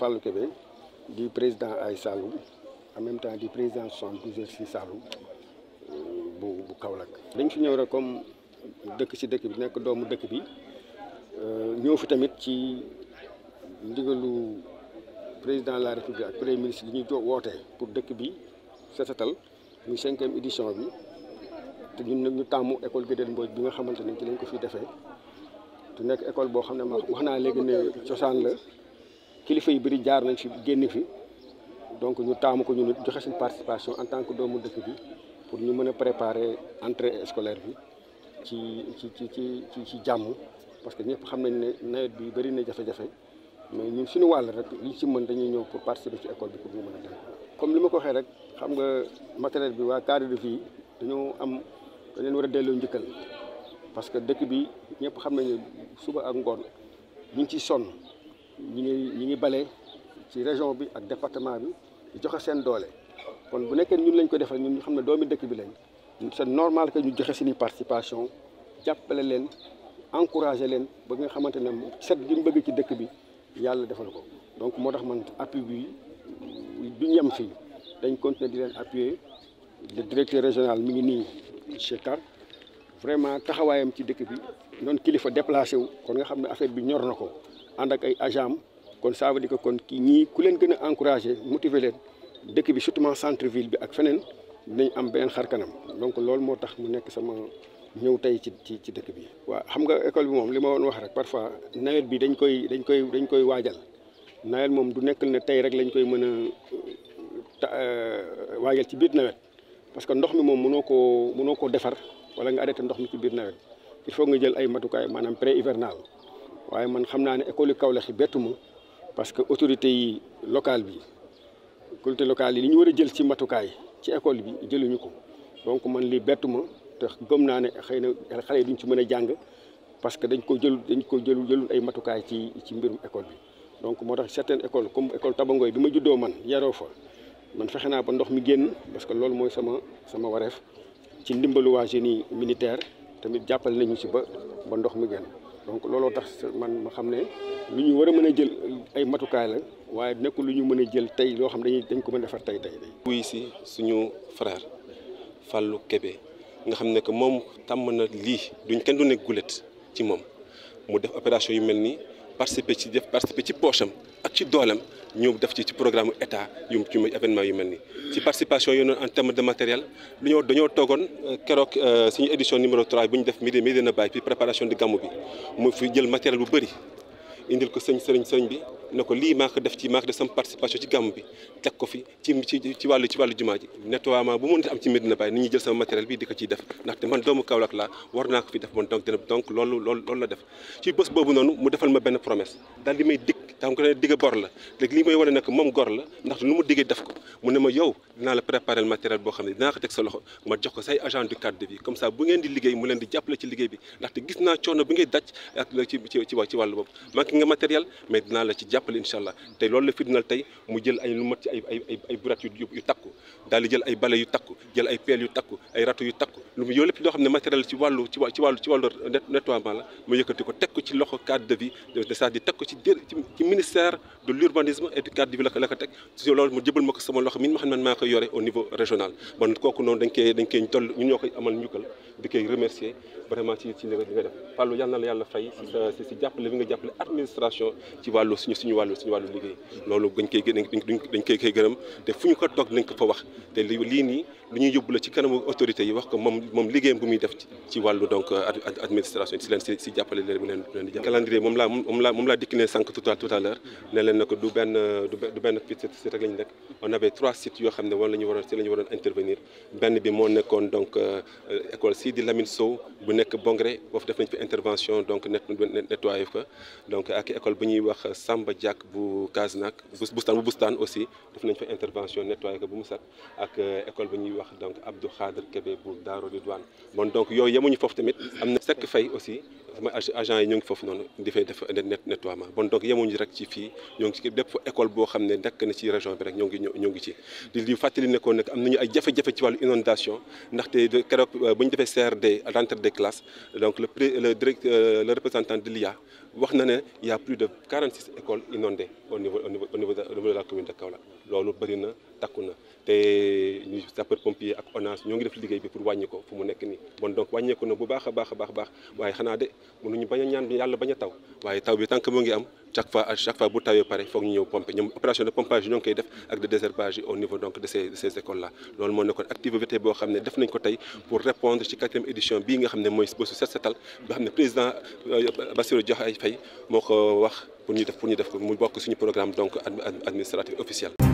Fallou Kébé di président ay Saloum en même temps di président 72 heures si Saloum euh, bu bu Kaolack. dañ fi ñëw rek comme dëkk si dëkk bi nekk doomu dëkk bi euh, ñëw fi tamit ci ndigalu président la république ak premier ministre li ñuy jo wootee pour dëkk bi sesetal muy cinquième édition bi te ñun nag ñu tàmmu école Guédel Mbodj bi nga xamante ne ci lañ ko fi defee te nekk école boo xam ne ma wax naa léegi ne cosaan la. kilifa yu bëri jaar nañ fi génn fi donc ñu taamu ko ñu joxe suñu participation en tant que doomu dëkk bi pour ñu mën a préparer entrée scolaire bi ci ci ci ci ci jàmm parce que ñëpp xam nañ ne nawet bi bëri na jafe-jafe mais ñun suñu wàll rek liñ ci mën dañuy ñëw pour participer ci école bi pour ñu mën a dem comme li ma ko waxee rek xam nga matériel bi waa cadre de vie dañoo am dañ leen war a delloo njëkkal parce que dëkk bi ñëpp xam nañ ne suba ak ngoon ñu ngi ciy sonn ñi ngi ñi ngi bale ci région bi ak département bi di joxe seen doole kon bu nekkee ñun lañ ko defal ñun ñu xam ne doomi dëkk bi lañ c'est normal que ñu joxe suñu participation jàppale leen encouragé leen ba nga xamante ne set gi mu bëgg ci dëkk bi yàlla defal ko donc moo tax man appui bi duñ yem fii dañ continuer di leen appuyer le directeur régional mi ngi nii Cheikh Tar vraiment taxawaayam ci dëkk bi noonu kilifa déplacé wu kon nga xam ne affaire bi ñor na ko ànd ak ay agent am kon ça di ko kon kii ñii ku leen gën a encouragé motiver dëkk bi surtout centre ville bi ak feneen dinañ am beneen xar kanam donc loolu moo tax mu nekk sama ñëw tey ci ci ci dëkk bi. waaw xam nga école bi moom li ma woon wax rek parfois nawet bi dañ koy dañ koy dañ koy waajal nawet moom du nekk ne tey rek lañ koy mën a euh, waajal ci biir nawet parce que ndox mi moom mënoo koo mënoo koo defar wala nga arrêté ndox mi ci biir nawet il faut nga jël ay matukaay maanaam pré hivernal. waye man xamna ni école Kaolack yi betuma lokal parce que autorité yi locale bi autorité locale yi ni ñu wara jël ci matukaay ci école bi jëluñu ko donc man li betuma te gëm naa ne xëy na duñ ci mëna jang parce que dañ ko jël dañ ko jël jël ay matukaay ci ci mbirum école bi donc motax certaines écoles comme école Tabangoy bima juddoo man yaro fa man fexena ba ndox mi génn parce que lool moy sama sama waref ci ndimbalu wa jeune militaire tamit jappal nañu ci ba ba ndox mi génn donc looloo tax man ma xam ne lu ñu war a mën a jël ay matukaay la waaye nekkul lu ñu mën a jël tey loo xam dañuy dañ ko mën a defar tey tey tey. si suñu frère Fallou kebe nga xam ne que moom tàmm na lii duñ kenn du nekk gulet ci moom mu def opération yu mel nii. participer ci def participer ci poche am ak ci dooleem ñoom def ci ci programme état yu ci événement yu mel ni ci participation yi noonu en terme de matériel dañoo dañoo toogoon euh, keroog euh, suñu édition numéro 3 bu ñu def midi midi na bàyyi ci préparation di gàmmu bi mu fi jël matériel bu bëri indil ko sëñ sëriñ sëriñ bi. ne ko lii maa ko def ci maa ko def sama participation ci gàmm bi teg ko fi ci ci ci wàllu ci wàllu jumaa ji nettoiement bu mën am ci Medina Baye ni ñuy jël sama matériel bi di ko def ndaxte man doomu Kaolack laa war naa ko fi def man donc def ci bés boobu noonu mu defal ma benn promesse daal li may dig taxam ko ne digg bor la léegi may wane nag moom gor la ndax nu mu diggee def ko mu ne ma yow dinaa la préparer matériel boo xam ne dinaa ko teg sa loxo di liggéey mu leen di jàppale ci liggéey bi ndaxte gis naa coono bi ngay daj ak ci ci jàppale incha allah loolu la firndal tay mu jël ay lu mat ci ay ay ay burat yu yu takku dal di jël ay bale yu takku jël ay peel yu takku ay ratu yu takku lu mu yow lépp loo matériel ci walu ci ci walu ci wàllu nettoiement la mu yëkkati ko tek ko ci loxo cadre de vie c'est-à-dire tek ko ci ci ministère de l'urbanisme et du cadre de vie la ko tek ci loolu mu jëbal mako sama loxo min ma xam ne man maa koy au niveau régional bon koku non dañ kay dañ koy toll ñun ñoo amal ñukal di koy remercier vraiment ci ci li nga def Fallou yalla na la yalla fay ci ci jappalé jàppale bi nga jappalé administration ci wàllu suñu suñu wàllu suñu wàllu liggéey loolu dañ koy dañ koy koy gërëm te fu ñu ko toog nañ ko fa wax te lii nii lu ñuy yóbbu la ci kanamu autorité yi wax ko moom liggéeyam bu muy def ci wàllu donc administration si leen si jàppale leen ko du benn du benn rek la nekk on avait trois sites yoo xam ne war ñu waroon intervenir benn bi moo nekkoon donc euh, école si di Lamine Sow bu nekk Bongré foofu def nañ fi intervention donc net nettoyé donc ak école bu ñuy wax Samba Diak, bu Kaznak, Boustan, bu bustaan aussi def nañ fa intervention nettoyé ko euh, bu mu ak école bi ñuy wax donc Abdou Khader Kebe, pour Daro Ridwan bon donc yooyu yemuñu foofu tamit am na sekk fay aussi sama agent yi ñu ngi foofu noonu di fay def nettoiement bon donc yamuñu rek ci fi ñoo ngi ci bépp école bo xamné ne na ci région bi rek ñoo ngi ñoo ngi ci di di fàttali ne ko nag am nañu ay jafé jafé ci walu inondation ndax keroog euh, bu ñu defee CRD à l'entrée des classes donc le le directeur le représentant de l'IA wax na ne y' a plus de 46 écoles inondées au niveau au niveau au niveau de la commune de Kaolack loolu bari na takku na te ñu sapeur pompier ak ONAS ñoo ngi def liggéey bi pour wàññi ko fu mu nekk nii bon donc wàññeeku na bu baax a baax a baax waaye xanaa de mënuñu bañ a ñaan yàlla bañ a taw waaye taw bi tant que mu ngi am chaque fois à chaque fois bu tawee pare foog ñu ñëw pomper ñoom opération de pompage yi ñoo ngi koy def ak de désherbage au niveau donc de ces ces écoles là loolu moo nekkoon activité boo xam ne def nañ ko tey pour répondre ci quatrième édition bii nga xam ne mooy bésu set setal président euh, Bassirou Diomaye Faye moo ko wax pour ñu def pour ñu def ko mu suñu programme donc administratif officiel